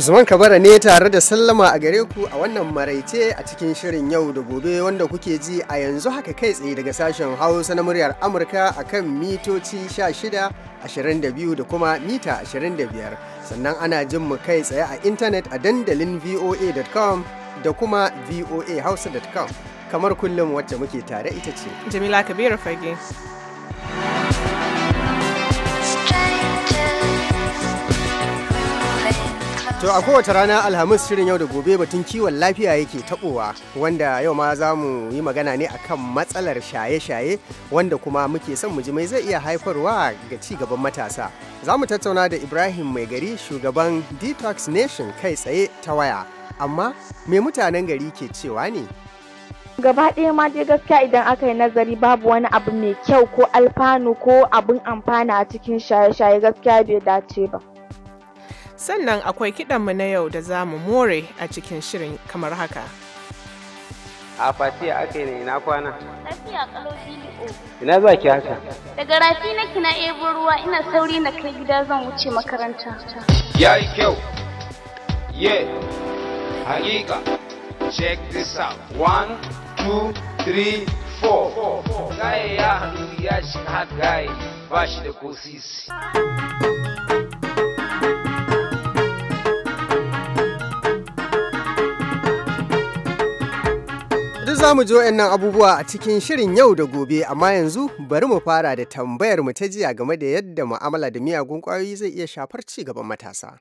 Usman Kabara ne tare da Sallama a gare ku a wannan maraice a cikin shirin yau da gobe wanda kuke ji a yanzu haka kai tsaye daga sashen Hausa na muryar Amurka a kan mitoci 16, 22 da kuma mita 25. Sannan ana jin mu kai tsaye a intanet a dandalin voa.com da kuma voahausa.com. Kamar kullum wacce muke tare ita ce. Jamila Kabiru Fage. To a kowace rana Alhamis shirin yau da gobe batun kiwon lafiya yake taɓowa wanda yau ma za mu yi magana ne akan matsalar shaye-shaye wanda kuma muke son mu ji mai zai iya haifarwa ga ci gaban matasa. Za mu tattauna da Ibrahim Mai Gari shugaban Detox Nation kai tsaye ta waya. Amma me mutanen gari ke cewa ne? gaba ɗaya ma dai gaskiya idan aka yi nazari babu wani abu mai kyau ko alfanu ko abin amfana a cikin shaye-shaye gaskiya bai dace ba. sannan akwai kiɗanmu na yau da za mu more a cikin shirin kamar haka. A fatiya aka yi ne ina kwana? Lafiya ne o. Ina za ki haka? Daga rafi na kina ebo ruwa ina sauri na kai gida zan wuce makaranta. Ya yi kyau. Ye. Hakika. Check this out. One, two, three, four. Gaye ya hannu ya shiga gaye ba shi da ko sisi. za mu ji wa'annan abubuwa a cikin shirin yau da gobe amma yanzu bari mu fara da tambayar mu ta jiya game da yadda mu'amala da miyagun ƙwayoyi zai iya shafar ci gaban matasa.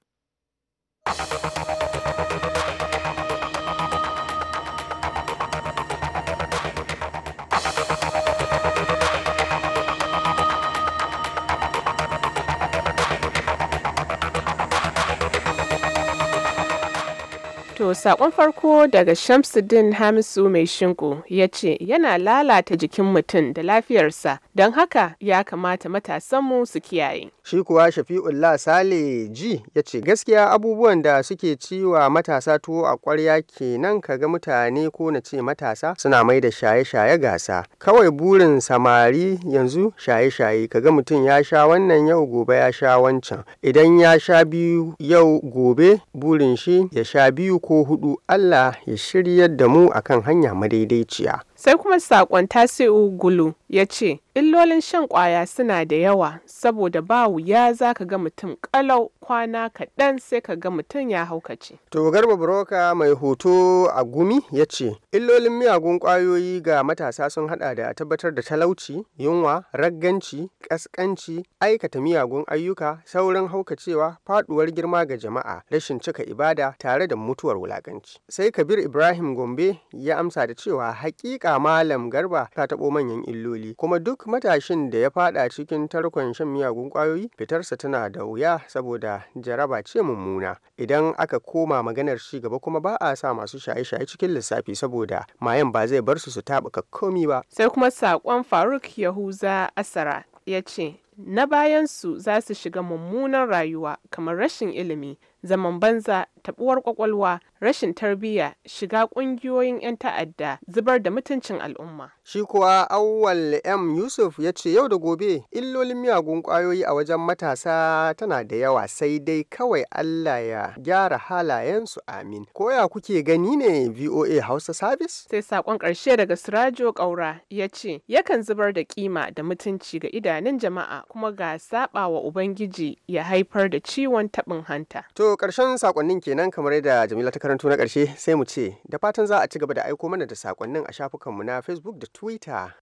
To sakon farko daga Shamsuddin Hamisu mai shinku ya ce yana lalata jikin mutum da lafiyarsa don haka ya kamata matasanmu su kiyaye. Shi kuwa Shafi'ullah Sale ji ya ce gaskiya abubuwan da suke ciwa matasa tuwo a kwarya kenan ga mutane ko na ce matasa suna mai da shaye-shaye gasa. Kawai burin samari yanzu shaye-shaye kaga mutum ya sha wannan yau gobe ya sha wancan. Idan ya sha biyu yau gobe burin shi ya sha biyu ko huɗu Allah ya shiryar da mu akan hanya madaidaiciya. Sai kuma saƙon Tasi'u Gulu ya ce, Illolin shan ƙwaya suna da yawa saboda ba wuya za ka ga mutum ƙalau kwana kaɗan sai ka ga mutum ya haukace. To Garba broka mai hoto a gumi ya ce, Illolin miyagun ƙwayoyi ga matasa sun haɗa da tabbatar da talauci, yunwa, ragganci, ƙasƙanci, aikata miyagun ayyuka, saurin haukacewa, faɗuwar girma ga jama'a, rashin cika ibada tare da mutuwar wulakanci. Sai Kabir Ibrahim Gombe ya amsa da cewa haƙiƙa Haƙiƙa Malam Garba ta taɓo manyan illoli kuma duk matashin da ya faɗa cikin tarkon shan miyagun kwayoyi fitarsa tana da wuya saboda jaraba ce mummuna. Idan aka koma maganar ci gaba kuma ba a sa masu shaye-shaye cikin lissafi saboda mayan ba zai bar su su taɓuka komi ba. Sai kuma saƙon Faruk Yahuza Asara ya ce, Na bayan su za su shiga mummunan rayuwa kamar rashin ilimi zaman banza tabuwar kwakwalwa rashin tarbiyya shiga kungiyoyin 'yan ta'adda zubar da mutuncin al'umma shi kuwa awwal m yusuf ya ce yau da gobe illolin miyagun kwayoyi a wajen matasa tana da yawa sai dai kawai allah ya gyara halayensu amin koya kuke gani ne voa hausa service sai sakon karshe daga sirajo kaura ya ce yakan zubar da kima da mutunci ga idanun jama'a kuma ga saba wa ubangiji ya haifar da ciwon taɓin hanta to To karshen sakonnin kenan kamar yadda Jamila ta karanto na karshe sai mu ce da fatan za a ci gaba da aiko mana da sakonnin a shafukanmu na Facebook da Twitter.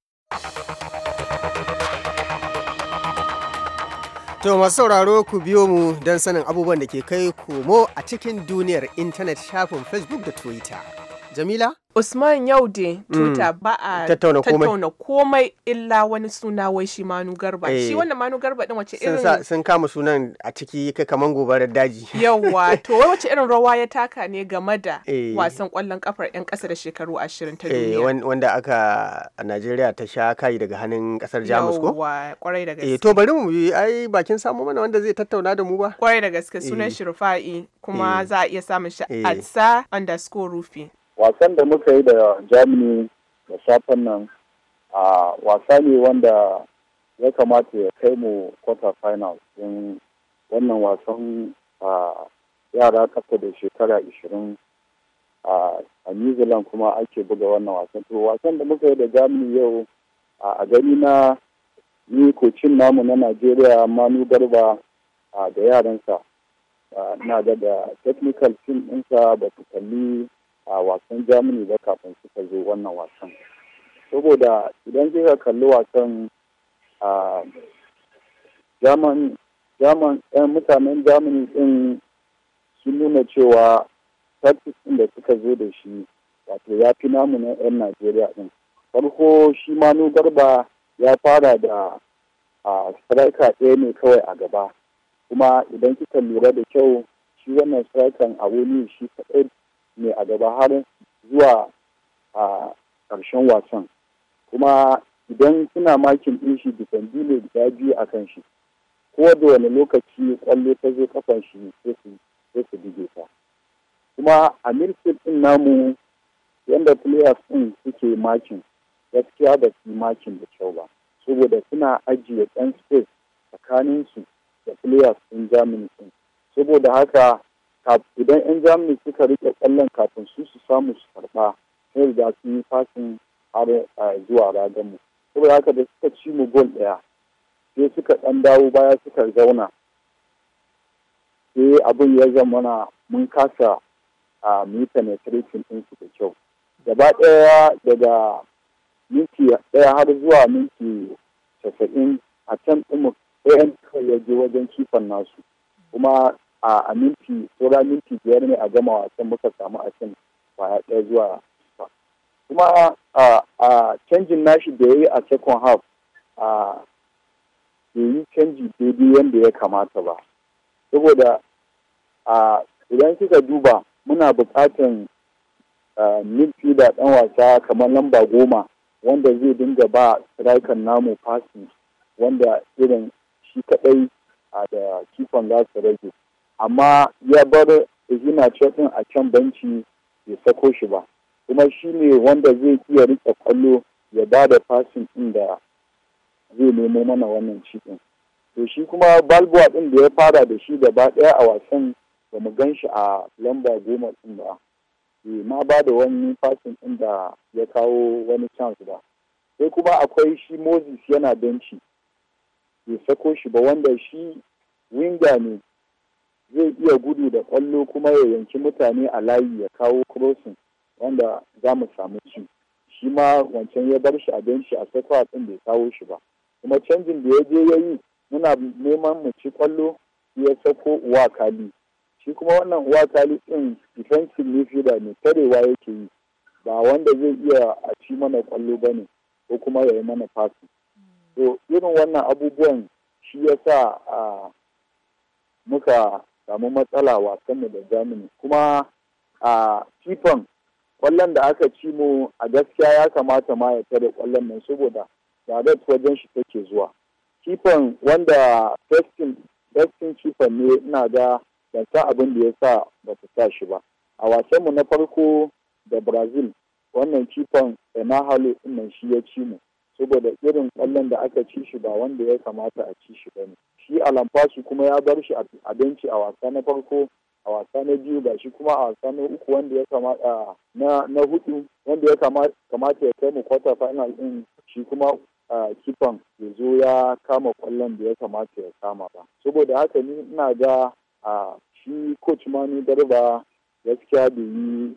To masu sauraro ku biyo mu don sanin abubuwan da ke kai komo a cikin duniyar intanet shafin Facebook da Twitter. Jamila? Usman Yaude Tuta mm. ba a tattauna komai komai illa wani suna wai shi Manu Garba. Shi eh. wannan Manu Garba din wace irin sun kama sunan a ciki kaman gobarar daji. Yawwa to wai wace irin rawa ya taka ne game da eh. wasan kwallon kafar yan ƙasa da shekaru 20 ta eh, duniya. wanda aka a Najeriya ta sha kai daga hannun kasar Jamus ko? Yawwa kwarai da gaske. to bari mu ai bakin samu mana wanda zai tattauna da mu ba. Kwarai da gaske sunan Shirfa'i kuma za a iya samun shi a underscore wasan da muka yi da germany da safen nan a wasa ne wanda ya kamata ya kai mu quarter final din wannan wasan a yara kasa da shekara 20 a new zealand kuma ake buga wannan wasan to wasan da muka yi da germany yau a gani na ni kocin namu na najeriya manu garba da yaransa na da technical team ɗinsa ba su kalli a wasan germany ba kafin suka zo wannan wasan saboda idan ka kalli wasan a german yan eh, mutanen germany din sun nuna cewa tactics ɗin da suka zo da shi wato ya fi namu na yan najeriya din farko shi manu garba ya fara da a striker ɗaya ne kawai a gaba kuma idan kika lura da kyau shi wannan striker a wani shi kaɗai ne a gaba har zuwa a ƙarshen wasan kuma idan suna makin ɗin shi difendi ne guda biyu a kan shi ko da wani lokaci kwallo ta zo kafan shi sai su bige ta kuma a milfit ɗin namu yadda players ɗin suke makin gaskiya da su makin da kyau ba saboda suna ajiye ɗan space tsakaninsu da players ɗin germany ɗin saboda haka idan 'yan germany suka rike kallon kafin su su samu su karba sai riga sun yi fasin har zuwa raganmu saboda haka da suka ci mu gol daya sai suka ɗan dawo baya suka zauna sai abin ya zama mun kasa a mita ne penetration din su da kyau gaba daya daga minti daya har zuwa minti casa'in a can ɗin mu ɗayan ya je wajen kifan nasu kuma a minti minti biyar ne a gama wasan muka samu a cin kwaya ɗaya zuwa kuma a canjin nashi da ya yi a second half a yi canji daidai yadda ya kamata ba saboda a idan kika duba muna minti da ɗan wasa kamar lamba goma wanda zai dinga ba striker namu passing wanda irin shi kaɗai da kifon za su rage amma ya bar izina ɗin a can banci ya sako shi ba kuma shi ne wanda zai iya riƙe kwallo ya ba da fasin ɗin zai nemo mana wannan cikin to shi kuma balbuwa ɗin da ya fara da shi gaba ɗaya a wasan ba mu gan shi a lamba goma ɗin ba e eh, ma ba da wani fasin ɗin da ya kawo wani chance ba sai kuma akwai shi moses yana benci ya sako shi ba wanda shi winga ne zai iya gudu da kwallo kuma ya yanki mutane a layi ya kawo crossing wanda za mu samu ci shi ma wancan ya bar shi a benci a sakwa ɗin bai kawo shi ba kuma canjin da ya je ya yi muna neman mu ci kwallo ya sako uwa kali shi kuma wannan uwa kali ɗin defensive midfielder ne tarewa yake yi ba wanda zai iya a ci mana kwallo ba ne ko kuma ya yi mana fasi to irin wannan abubuwan shi ya sa a ah, muka samu matsala wasanmu da Germany kuma a fifan kwallon da aka ci mu a gaskiya ya kamata ma ya tare kwallon nan saboda Yadet wajen shi take zuwa. Kifan wanda Festin testing kifan ne ina ga ban abin da ya sa ba su sa shi ba. A wasanmu na farko da Brazil wannan kifan Enahalo nan shi ya ci mu saboda irin kwallon da aka ci shi ba wanda ya kamata a ci shi ba ne. shi alamfashi kuma ya bar shi a benci a wasa na farko a wasa na biyu ga shi kuma a wasa na uku wanda ya kamata na hudu wanda ya kamata ya kai mu quarter final din shi kuma kifan ya zo ya kama kwallon da ya kamata ya kama ba saboda haka ni ina ga a shi coach manu garba gaskiya da yi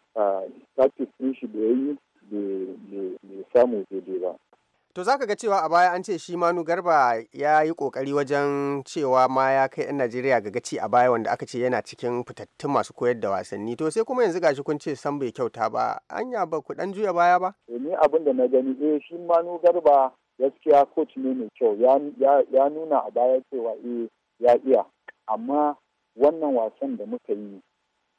tactics din shi da ya yi da samu daidai ba to zaka ga cewa a baya an ce shi manu garba ya yi kokari wajen cewa ma ya kai yan najeriya ga gaci a baya wanda aka ce yana cikin fitattun masu koyar da wasanni to sai kuma yanzu gashi kun ce san bai kyauta ba anya ba ku dan juya baya ba eh, ni abin da na gani eh shi manu garba gaskiya coach ne mai kyau ya nuna a baya cewa eh ya iya amma wannan wasan da muka yi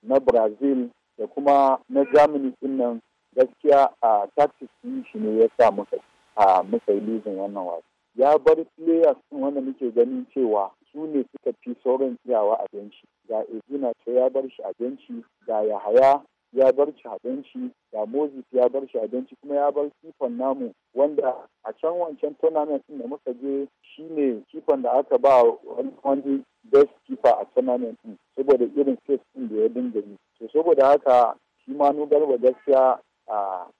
na brazil da kuma na germany din nan gaskiya a ah, tactics shi ne ya sa muka a muka yi wannan wasu ya bar players sun wanda muke ganin cewa su ne suka fi sauran tsayawa a benci ga ezina ce ya bar shi a benci ga yahaya ya bar shi a benci ga moses ya bar shi a benci kuma ya bar kifon namu wanda a can wancan tournament da muka je shi ne kifon da aka ba wani best keeper a tournament ɗin saboda irin fes ɗin da ya dinga yi to saboda haka shi ma gaskiya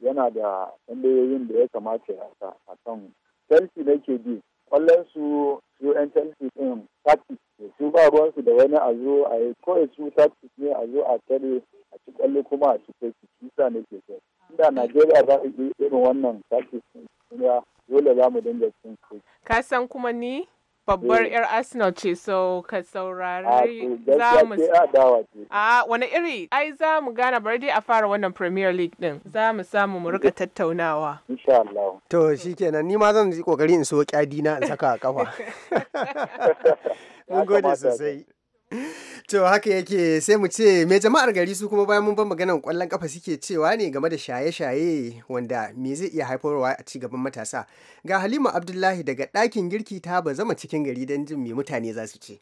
yana da tambayoyin da ya kamata ya sa a kan chelsea ke bi kwallon su su yan chelsea din tactics su ba ruwan su da wani a zo a yi kawai su tati ne a zo a tare a ci kwallo kuma a ci kai su sa kai so inda najeriya za a yi irin wannan tactics ne dole za mu dinga cin kai ka san kuma ni babbar 'yar eh. Arsenal ce so ka saurari ah, za mu a ah, wani iri ai za mu gana bari dai a fara wannan Premier League din za mu samu mu rika tattaunawa to shikenan ni ma zan yi kokari in so kyadi na in saka a kafa mun gode sosai to haka yake sai mu ce mai jama'ar gari su kuma bayan mun ban maganan kwallon kafa suke cewa ne game da shaye-shaye wanda me zai iya haifarwa a ci gaban matasa ga halima abdullahi daga ɗakin girki ta ba zama cikin gari don jin me mutane za su ce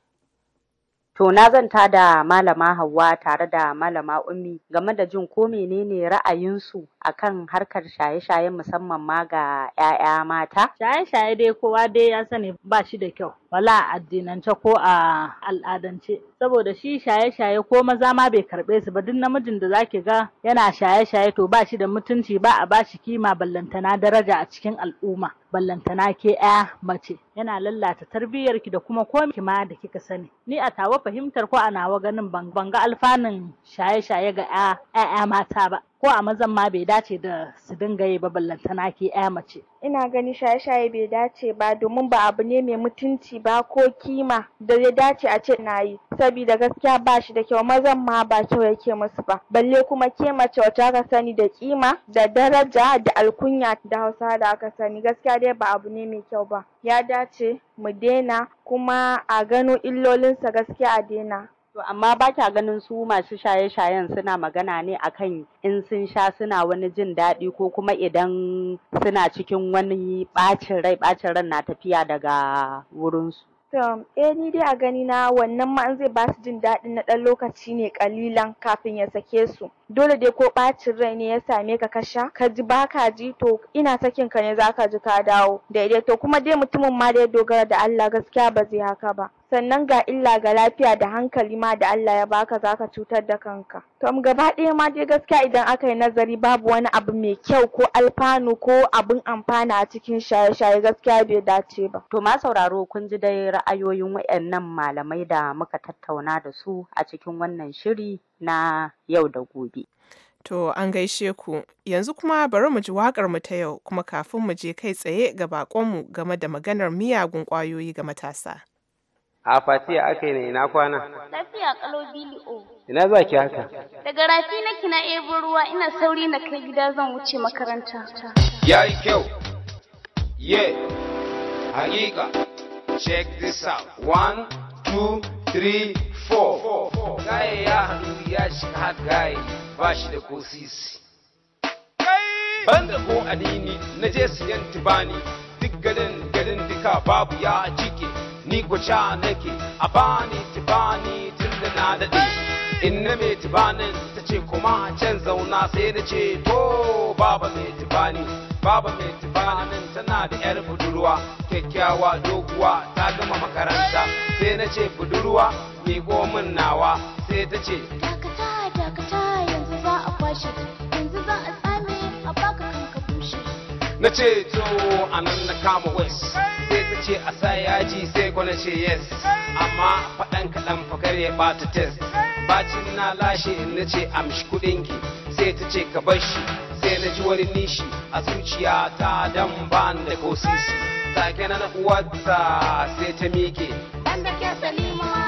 To na zanta da malama Hauwa tare da malama Ummi game da jin ko menene ra'ayinsu akan harkar shaye-shaye musamman ma ga 'ya'ya mata. Shaye-shaye dai kowa dai ya sani ba shi da kyau. wala a addinance ko a al'adance saboda shi shaye-shaye ko maza ma bai karɓe su ba duk namijin da zaki ga yana shaye-shaye to ba shi da mutunci ba a bashi kima ballantana daraja a cikin al'umma ballantana ke ɗaya mace yana lallata tarbiyyarki da kuma komi ma da kika sani ni a tawa fahimtar ko a nawa ganin ban ga alfanun shaye-shaye ga 'ya'ya mata ba ko a mazan ma bai dace da su dinga yi ba ballantana ke ya mace ina gani shaye-shaye bai dace ba domin ba abu ne mai mutunci ba ko kima da ya dace a ce na yi sabida gaskiya ba shi da kyau mazan ma ba kyau yake musu ba balle kuma ke mace wacce aka sani da kima da daraja da alkunya da hausa da aka sani gaskiya dai ba abu ne mai kyau ba ya dace mu daina kuma a gano illolinsa gaskiya a daina To amma ba kya ganin su masu shaye-shayen suna magana ne akan in sun sha suna wani jin daɗi ko kuma idan suna cikin wani ɓacin rai ɓacin ran na tafiya daga wurinsu. To, eh ni dai a gani na wannan ma an zai ba su jin daɗi na ɗan lokaci ne ƙalilan kafin ya sake su. dole dai ko bacin rai ne ya same ka ka sha ka ji ba ji to ina sakin ka ne zaka ji ka dawo daidai to kuma dai mutumin ma da dogara da Allah gaskiya ba zai haka ba sannan ga illa ga lafiya da hankali ma da Allah ya baka zaka cutar da kanka to gaba ɗaya ma dai gaskiya idan aka yi nazari babu wani abu mai kyau ko alfanu ko abun amfana a cikin shaye-shaye gaskiya bai dace ba to ma sauraro kun ji dai ra'ayoyin wayannan malamai da muka tattauna da su a cikin wannan shiri na yau da gobe. To an gaishe ku yanzu kuma bari mu ji waƙar mu ta yau kuma kafin mu je kai tsaye ga baƙonmu game da maganar miyagun ƙwayoyi ga matasa. A a aka yi na ina kwana? Lafiya ƙalo o. Ina za ki haka? Daga rafi na kina ebo ruwa ina sauri na kai gida zan wuce makaranta. Ya yi kyau. Ye. Hakika. Check this out. One, two, three, 4 ya hannu ya shiga har ba shi da ko sisi banda ko anini na je siyan tubani duk garin garin duka babu ya cike ni gwacha nake a bani tubani tun da na daɗe in na mai tubanin ta ce kuma can zauna sai na ce to baba mai tubani baba mai tubanin tana da yar budurwa kyakkyawa doguwa ta gama makaranta sai na ce budurwa ke gomin nawa sai ta ce dakata dakata yanzu za a kwashe yanzu za a tsame a baka kanka bushe na ce to a nan na kama west sai ta ce a sa yaji sai kwana ce yes amma faɗan kaɗan fakar ya bata test bacin na lashe na ce amshi kuɗinki sai ta ce ka bar shi sai na ji wani nishi a zuciya ta dan ban da ko sisi take na uwarta sai ta mike dan da ke salima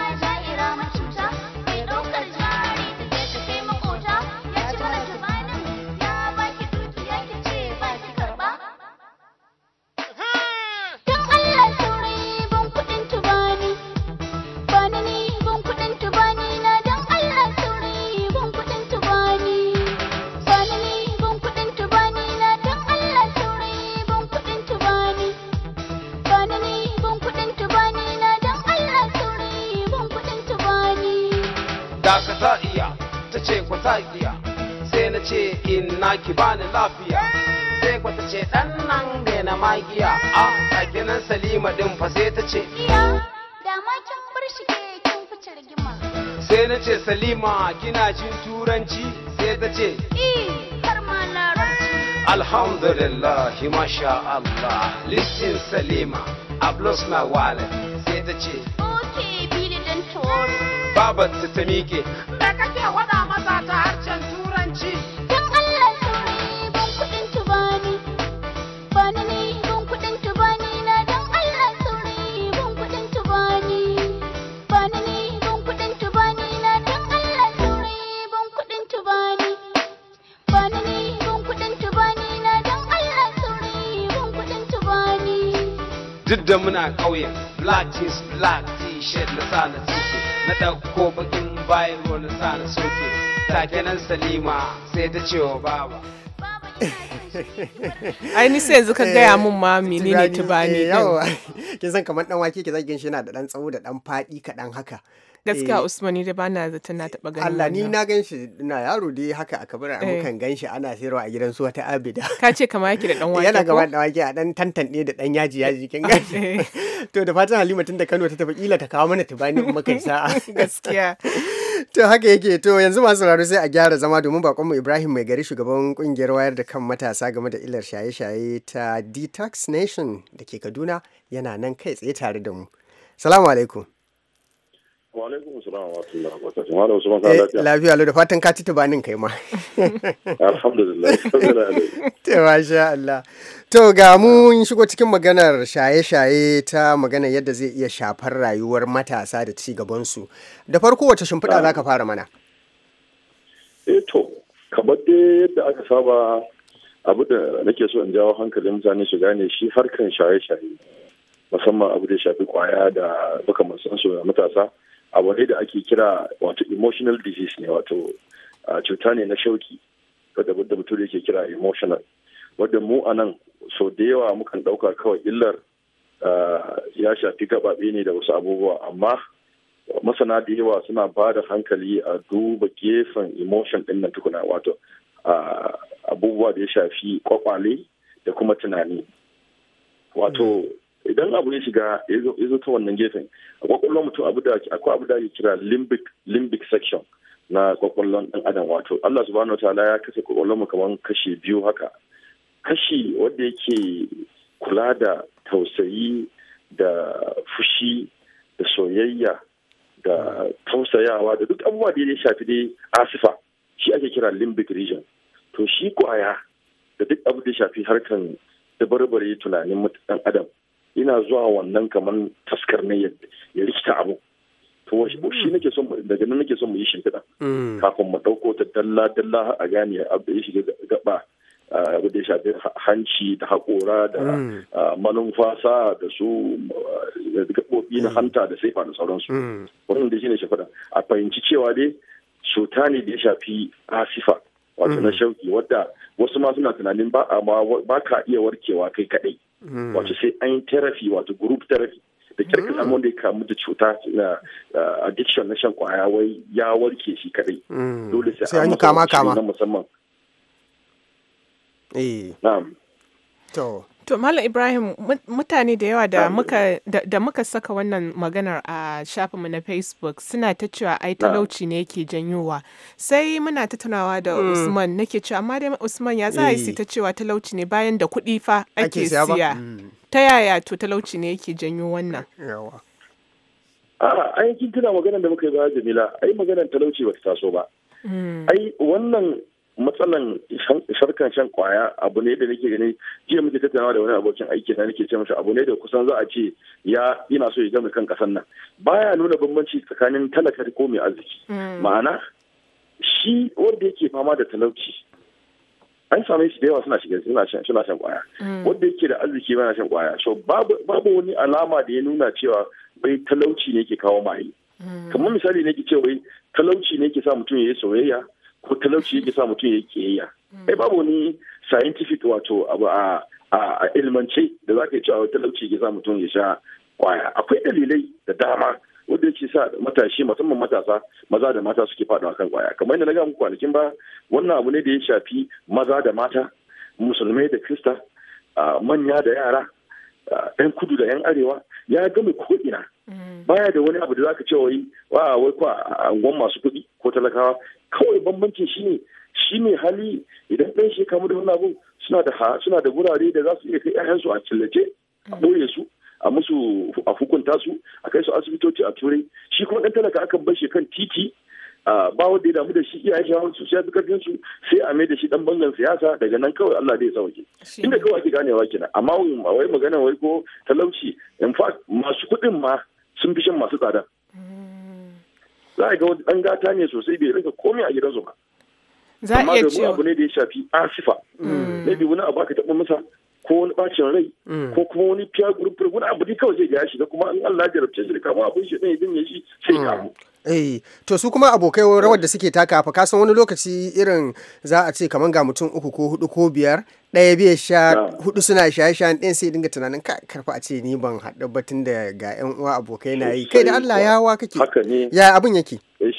za iya ta ce kwa za iya sai na ce na ki bani lafiya sai kwa ta ce dan nan ne na magiya a take nan salima din fa sai ta ce iya da ma kin bar shi ke kin fice rigima sai na ce salima kina jin turanci sai ta ce eh Alhamdulillah, masha Allah, listen Salima, I've lost my wallet, say the chief. sabanta ta miƙe da kake masa ta harshen turanci Allah ban kudin tubani ne na dan Allah ban kudin tubani ne na dan Allah ban kudin tubani ne na dan Allah ban tubani duk da muna ƙauyen black is black t-shirt na sa na tuke na ɗauko bakin bayan wani sa na soke take nan salima sai ta ce wa baba ai ni sai yanzu ka gaya mun ma ne, tubani eh, yawa kin san kamar dan wake ki zagin shi yana da dan tsawo da dan fadi kaɗan haka gaskiya eh. usmani dai bana zata na taba ganin Allah ni na ganshi na yaro dai haka a kabarin amukan eh. shi ana sayarwa a gidan su wata abida ka ce kama yake da dan wake yana gaba da wake a dan tantance da dan yaji yaji kin eh. to da fatan Halima tun da Kano ta tafi kila ta kawo mana tubani kuma kai sa'a gaskiya to haka yake to yanzu masu sauraro sai a gyara zama domin bakonmu ibrahim mai gari shugaban kungiyar wayar da kan matasa game da illar shaye-shaye ta detox nation da ke kaduna yana nan kai tsaye tare da mu salamu alaikum Wa wa eh, lafiya. Lafiya lo fatan ka ci tubanin kai ma. Alhamdulillah. Ta Allah. To ga mun shigo cikin maganar shaye-shaye ta magana yadda zai iya shafar rayuwar matasa da ci gabansu. Da farko wace shimfiɗa za ka fara mana? E to, kamar dai yadda aka saba abu da nake so in jawo hankalin mutane su gane shi harkan shaye-shaye musamman abu da shafi kwaya da baka matsansu matasa abu ne da ake kira wato emotional disease ne wato ah, cuta ne na shauki wadda da mutum ke kira emotional wadda mu a nan sau da yawa mukan ɗauka kawai illar ah, ya shafi gababe ne da wasu abubuwa amma masana da yawa suna ba da hankali a duba gefen emotion din nan tukuna wato ah, abubuwa da ya shafi kwakwale da kuma tunani wato idan abu ya shiga ya zo ta wannan gefen a kwakwalwar mutum abu da akwai abu da ya kira limbic limbic section na kwakwalwar dan adam wato Allah subhanahu wataala ya kasa kwakwalwar mu kamar kashi biyu haka kashi wanda yake kula da tausayi da fushi da soyayya da tausayawa da duk abubuwa da ya shafi dai asifa shi ake kira limbic region to shi kwaya da duk abu da ya shafi harkan da tunanin dan adam ina zuwa wannan kamar taskar ne ya rikita abu to shi mm. nake son daga nan nake son mu yi shimfiɗa mm. kafin mu ɗauko ta dalla dalla a gane abu da ya shiga gaba abu da ya shafi hanci da haƙora da mm. manumfasa da su gaɓoɓi na hanta da saifa da sauransu wannan da shi ne shimfiɗa a fahimci cewa dai cuta ne da ya shafi asifa wato na shauki wadda wasu ma suna tunanin ba ka iya warkewa kai kaɗai Mm. wato sai an yi therapy wato group therapy da kirkin ka mm. wanda ya kamu da cuta na uh, addiction na shan kwaya wai ya warke shi kadai mm. dole sai an yi kama kama na musamman eh na'am to To Malam Ibrahim mutane da yawa da muka da, muka saka wannan maganar a shafinmu na Facebook suna ta cewa ai talauci ne yake janyowa. Sai muna ta tunawa da mm. Usman nake cewa amma dai Usman ya za a yi eh. ta cewa talauci ne bayan da kuɗi fa ake siya. Mm. Ta yaya to talauci ne yake janyo wannan? Yawa. A'a kin tuna maganar da muka yi ba Jamila ai maganar talauci ba ta taso ba. Mm. Ai wannan matsalan sharkan shan kwaya abu ne da nake gani jiya muke tattaunawa da wani abokin aiki na nake ce masa abu ne da kusan za a ce ya ina so ya gama kan kasan nan baya nuna bambanci tsakanin talaka ko mai arziki hmm. ma'ana shi wanda yake fama da talauci an same shi da yawa suna shiga suna shan suna shan kwaya hmm. wanda yake da arziki yana shan kwaya so babu wani alama da ya nuna cewa bai talauci ne ke kawo mai hmm. kamar misali ne ke cewa talauci ne ke sa mutum ya yi soyayya ko talauci yake sa mutum ya yayya hmm. ai babu wani scientific wato abu a a ilmance da zaka ka yi cewa talauci yake sa mutum ya sha kwaya akwai dalilai da dama wanda yake sa matashi musamman matasa maza da mata suke faɗawa kan kwaya kamar yadda na ga muku kwanakin ba wannan abu ne da ya shafi maza da mata musulmai da krista manya da yara yan kudu da yan arewa ya gama ko'ina hmm. baya da wani abu da zaka ce wai wa wai kwa angon masu kuɗi ko talakawa kawai bambancin shine shi mai hali idan ɗan shi kamu da wani abu suna da suna da gurare da za su iya kai ƴaƴansu a cillace a ɓoye su a musu a hukunta su a kai su asibitoci a turai shi kuma ɗan talaka akan bar shi kan titi ba wanda ya damu da shi iyayen hawan su sai karfin su sai a mai da shi ɗan bangan siyasa daga nan kawai Allah zai ya sauke inda kawai ake gane ganewa kenan amma wai magana wai ko talauci in fact masu kuɗin ma sun fi shan masu tsada za a ga wani dan gata ne sosai bai rinka komai a gidansu ba za a iya cewa amma da abu ne da ya shafi asifa ne mm. bi wani abu aka taɓa masa ko wani bacin rai mm. ko kuma wani fiya gurin wani abu ne kawai zai shi da kuma in Allah ya jarabce shi da kama abin shi ɗin idan ya shi sai kamu. Mm. Eh, to su kuma abokai rawar da suke taka fa kasan wani lokaci irin za a ce kaman ga mutum uku ko hudu ko biyar ɗaya biya sha hudu suna shaye shayen ɗayan sai dinga tunanin ka karfa a ce ni ban haɗu batun da ga 'yan uwa abokai na yi kai da Allah ya wa kake ya abin yake eh,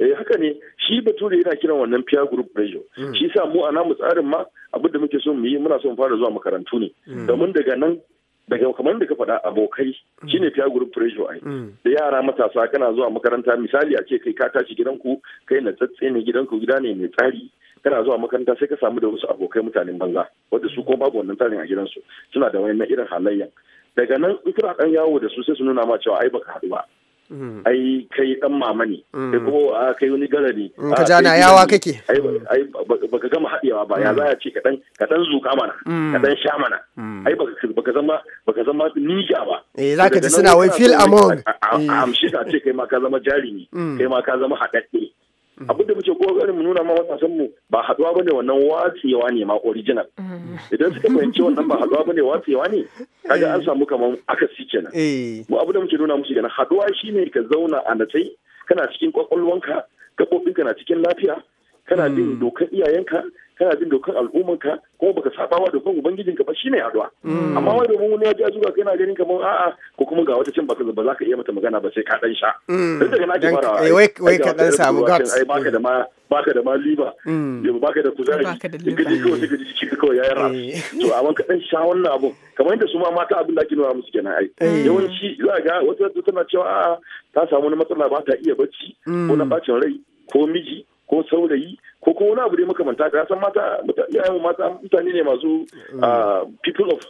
eh haka ne shi bature yana kiran wannan peer group pressure mm. shi sa mu a namu tsarin ma abin da muke son mu yi muna son fara zuwa makarantu ne mm. domin daga nan daga kamar da ka faɗa abokai mm. shine fiya gurin pressure ai mm. da yara matasa kana zuwa makaranta misali a ce kai ka tashi gidanku kai na tsatse ne gidanku gida ne mai tsari kana zuwa makaranta sai ka samu da wasu abokai mutanen banza wanda su ko babu wannan tsarin a gidansu suna da wayannan irin halayyan daga nan in kana dan yawo da su sai su nuna ma cewa ai baka haɗu ba Mm. ai kai dan mama ne kai mm. kuma a kai wani gara ka ja na yawa kake ai baka gama haɗewa ba ya mm. za a ce ka dan ka dan zuka mana ka dan sha mana ai baka zama baka zama nija ba eh zaka ji suna wai feel among eh. amshi ka ce kai ma ka zama jarumi kai ma ka zama haɗaɗɗe abin da muke kokarin mu nuna ma matasan mu ba haduwa bane wannan watsewa ne ma original mm. idan suka fahimci wannan ba haduwa bane watsewa ne kaga an eh. samu kaman akasi kenan eh. mu abin da muke nuna musu kenan haduwa shine ka zauna a natsai kana cikin kwakwalwanka gaɓoɓinka na cikin lafiya kana bin mm. dokar iyayenka kana jin dokar ka ko baka sabawa dokar ka ba shine haduwa amma wai domin wani ya ji azuba kai na ganin kamar a'a ko kuma ga wata cin baka ba za ka iya mata magana ba sai ka dan sha mm. sai daga na ki farawa eh, wai ka dan samu guts ai baka da ma baka da ma liba mm. yau baka da kuzari baka ji kawai sai ka ji cikin kawai ya yara eh. to amma ka dan sha wannan abu kamar yadda su ma mata abin da ake nuna musu kenan ai eh. yawanci za ga wata tana cewa a'a ta samu wani matsala ba ta iya bacci mm. ko na bacin rai ko miji ko saurayi ko kuma wani abu ne makamanta ka san mata yayan mata mutane ne masu mm. ah, people of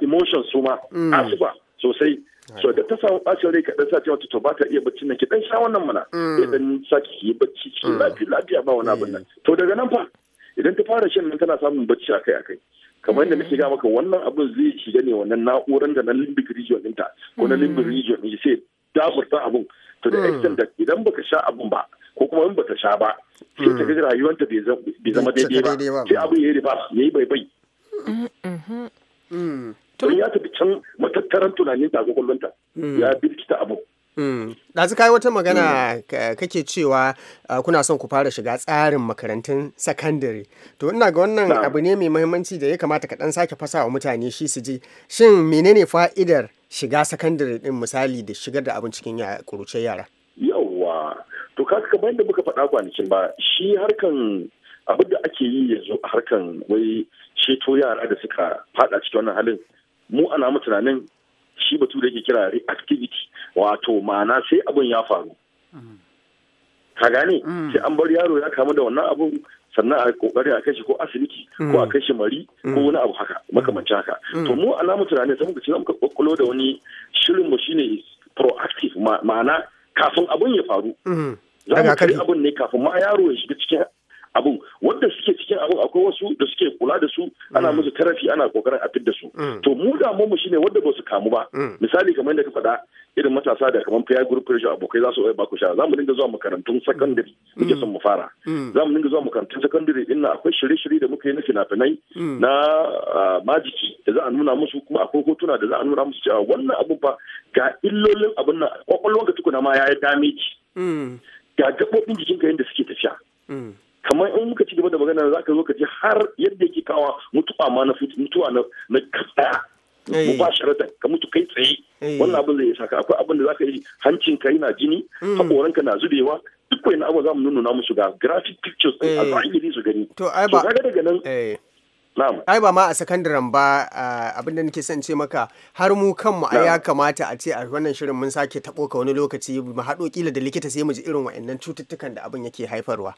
emotions su ma mm. asuba sosai so da ta samu bacin rai kaɗan sa cewa to ba ta iya bacci nan ki dan sha wannan mana sai mm. dan saki ki yi bacci ki lafiya lafiya ba wani abin nan to daga nan fa idan ta fara shan nan tana samun bacci akai akai kamar yadda nake ga maka wannan abun zai shiga ne wannan na'urar da na limbic region ɗinta ko na limbic region ne sai dabarta abun to da extent da idan baka sha abun ba ko kuma in bata sha ba sai ta ga hmm. rayuwanta bai zama daidai ba sai abu ya yi ba ya yi bai bai hmm. hmm. don ya tafi can matattaran tunanin ta kwakwalwanta ya bilkita abu ɗazu kayi wata magana kake cewa ah, kuna son ku fara shiga tsarin makarantun sakandare to ina ga wannan abu ne mai mahimmanci da ya kamata ka ɗan sake fasa wa mutane shi su ji shin menene fa'idar shiga sakandare din misali da shigar da abin cikin kuruce yara yawwa to kaga kamar da muka faɗa kwanakin ba shi harkan abin da ake yi yanzu a harkan wai ceto yara da suka faɗa cikin wannan halin mu ana mu tunanin shi batu da yake kira reactivity wato ma'ana sai abin ya faru ka gane mm. sai an bar yaro ya kamu da wannan abun sannan a kokari a kai shi ko asibiti ko a mm. kai shi mari ko mm. wani abu haka makamancin haka to mu alamu tunanin sai muka ce muka kokkolo da wani shirin mu shine proactive ma'ana kafin abun ya faru mhm. za mu kai abun ne kafin ma yaro ya shiga cikin abun wanda suke cikin abun akwai wasu da suke kula da su ana mm. musu tarafi ana kokarin a fidda su mm. to mu da mu shine wanda ba su kamu ba mm. misali kamar da ka faɗa irin matasa da kamar fiya group pressure abokai za su ba ku sha za mu dinga zuwa makarantun secondary muke son mu fara za mu dinga zuwa makarantun secondary din akwai shirye-shirye da muka yi na fina-finai na ah, majiki da za a nuna musu kuma akwai hotuna da za a nuna musu cewa wannan abun fa ga illolin abun nan kwakwalwar ka tukuna ma ya yi damage ga gabobin jikinka yadda suke tafiya kamar in muka ci gaba da magana za ka zo ka ji har yadda yake kawa mutuwa ma na mutuwa na kasa eh. mu ba sharatan ka mutu kai tsaye eh. wannan abin zai saka akwai abin da zaka yi hancin ka yana jini hmm. hakoranka na zubewa duk wani abu za mu nuna musu ga graphic pictures a eh. zahiri su gani to ai ba daga nan Ai ba ma a sakandaren ba abin da nake son ce maka har mu kanmu a ya kamata a ce a wannan shirin mun sake taɓo ka wani lokaci mu haɗo kila da likita sai mu ji irin wa'annan cututtukan da abin yake haifarwa.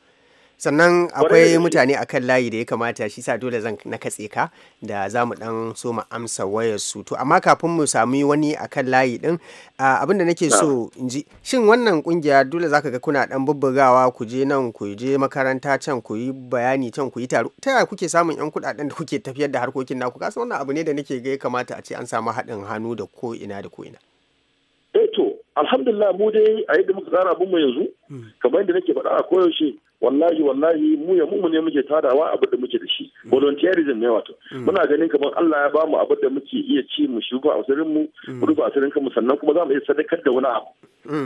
sannan akwai mutane akan layi da ya kamata shi sa dole zan na katse ka da za mu dan so mu amsa wayar su to amma kafin mu sami wani akan layi din abin da nake so in ji shin wannan kungiya dole zaka ga kuna dan bubbugawa ku je nan ku je makaranta can ku yi bayani can ku yi taro ta yaya kuke samun yan kudaden da kuke tafiyar da harkokin naku kasan wannan abu ne da nake ga ya kamata a ce an samu haɗin hannu da ko ina da ko ina eh to alhamdulillah mu dai a yadda muka tsara mu yanzu hmm. kamar yadda nake faɗa a koyaushe wallahi wallahi mu ya mu ne muke tarawa abin da muke da shi mm. volunteerism ne wato mm. muna ganin kamar Allah ya bamu abin da muke iya ci mu shi ba asirin mu mm. mu asirin kanmu sannan kuma za mu iya sadakar da wani abu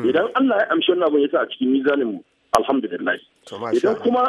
idan Allah ya amshi wannan abin ya sa a cikin mizanin mu alhamdulillah idan kuma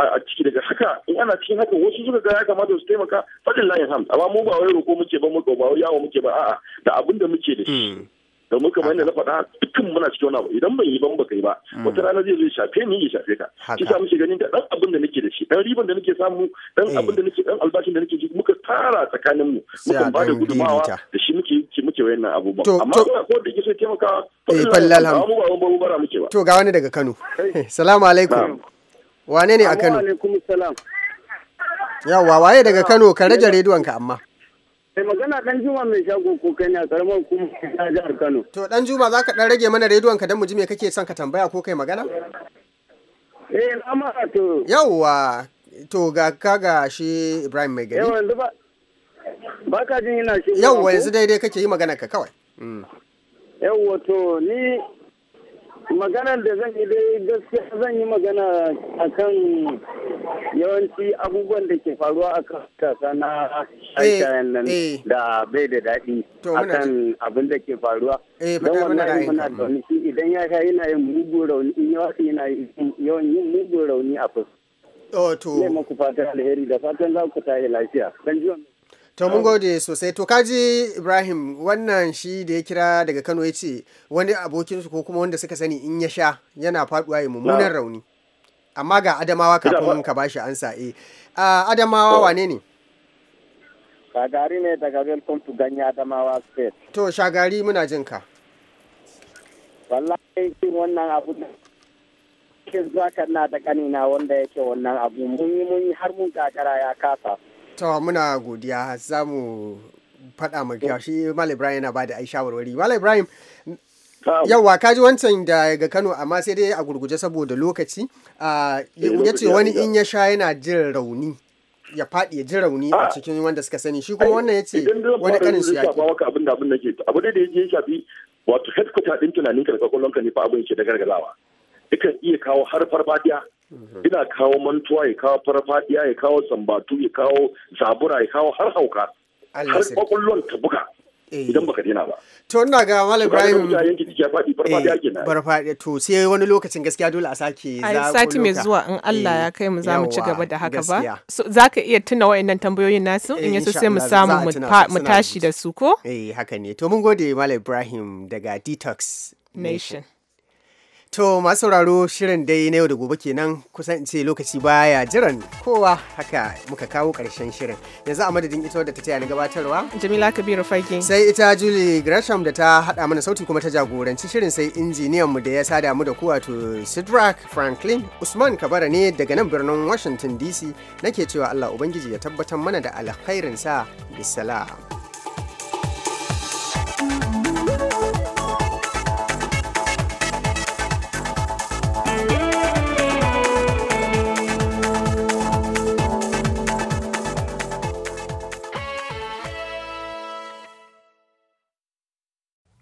a ciki daga haka in ana cikin haka wasu suka ga ya kamata su taimaka fadin layin ham amma mu ba wai roƙo muke ba mu ba wai yawo muke ba a'a da abin da muke da shi domin kamar yadda na faɗa dukkan muna cikin wani abu idan ban yi ban ba kai ba mm. wata rana zai zo ya shafe ni ya shafe ka shi sa muke ganin da dan abin da nake da shi dan riban da nake samu dan eh. abin da nake dan albashin da nake ji muka tara tsakanin mu muka ba da gudumawa da shi muke muke wayannan abubuwa amma kuna ko da yake so taimakawa eh fallal ham mu ba mu bara muke ba to ga wani daga Kano salamu alaikum wane ne a Kano alaikum salam yawa waye daga Kano ka rage ka amma Sai magana dan Juma mai shago ko kai ne a karamar kuma a jihar Kano. To dan Juma za ka dan rage mana rediyon ka dan mu ji me kake son ka tambaya ko kai magana? Eh amma to. Yawwa to ga kaga shi Ibrahim mai gari. Yawwa yanzu ba ba ka jin ina shi. Yawwa yanzu daidai kake yi magana ka kawai. Mm. Yawwa to ni maganar da zan yi dai gaskiya zan yi magana kan yawanci abubuwan da ke faruwa a kasa na eh, shayen nan eh. da bai da daɗi kan abin da ke faruwa eh, don wannan muna da wani idan ya sha yana yin mugun rauni in yawanci yana yawan yin mugun rauni a fuska. Oh, to. Zai maku fatan alheri da fatan za ku tahi lafiya. Kan ji To mun gode sosai to kaji Ibrahim wannan shi da ya kira daga Kano ya ce wani su ko kuma wanda suka sani in ya sha yana faduwa ya mummunan rauni. Amma ga Adamawa kafin ka ba shi ansa eh. Adamawa wane ne? Shagari ne daga Welcome to Ganya Adamawa State. To shagari muna jin ka. Wallahi jin wannan abu ne. Kin zuwa na da kanina wanda yake wannan abu mun yi mun yi har mun kakara ya kasa. to muna godiya za mu faɗa mu kyau eh. shi Malam Ibrahim yana ba da ai shawarwari Malam Ibrahim yawwa ka ji wancan daga Kano amma sai dai a gurguje saboda lokaci ah, eh, ya ce wani in ya sha yana jin rauni ya faɗi ya ji rauni a ah. cikin wanda suka sani shi kuma wannan ya ce wani kanin su yaki. abin da abin da ke abu da ya shafi wato headquarter ɗin tunanin karɓar ƙwallon ne fa abin ke da gargazawa. yakan iya kawo har farfadiya ina mhm. kawo mantuwa ya kawo farfadiya ya kawo sambatu ya kawo zabura ya kawo har hauka har kwakwallon ta buga eh. idan baka dina ba to ina ga malam ibrahim eh, farfadiya to sai wani lokacin gaskiya dole a sake za sati mai zuwa in Allah eh, ya kai mu mu ci gaba da haka ba zaka iya tuna wayannan tambayoyin nasu in yaso sai mu samu mu tashi da su ko eh haka ne to mun gode malam ibrahim daga detox nation. To masu sauraro shirin dai na yau da gobe kenan kusan ce lokaci baya jiran kowa haka muka kawo karshen shirin. Yanzu a madadin ita wadda ta taya na gabatarwa. Jamila Kabiru Fage. Sai ita Julie Gresham da ta haɗa mana sauti kuma ta jagoranci shirin sai injiniyan mu da ya sada mu da ku wato Sidrak Franklin Usman Kabara ne daga nan birnin Washington DC nake cewa Allah Ubangiji ya tabbatar mana da alkhairinsa bisalam.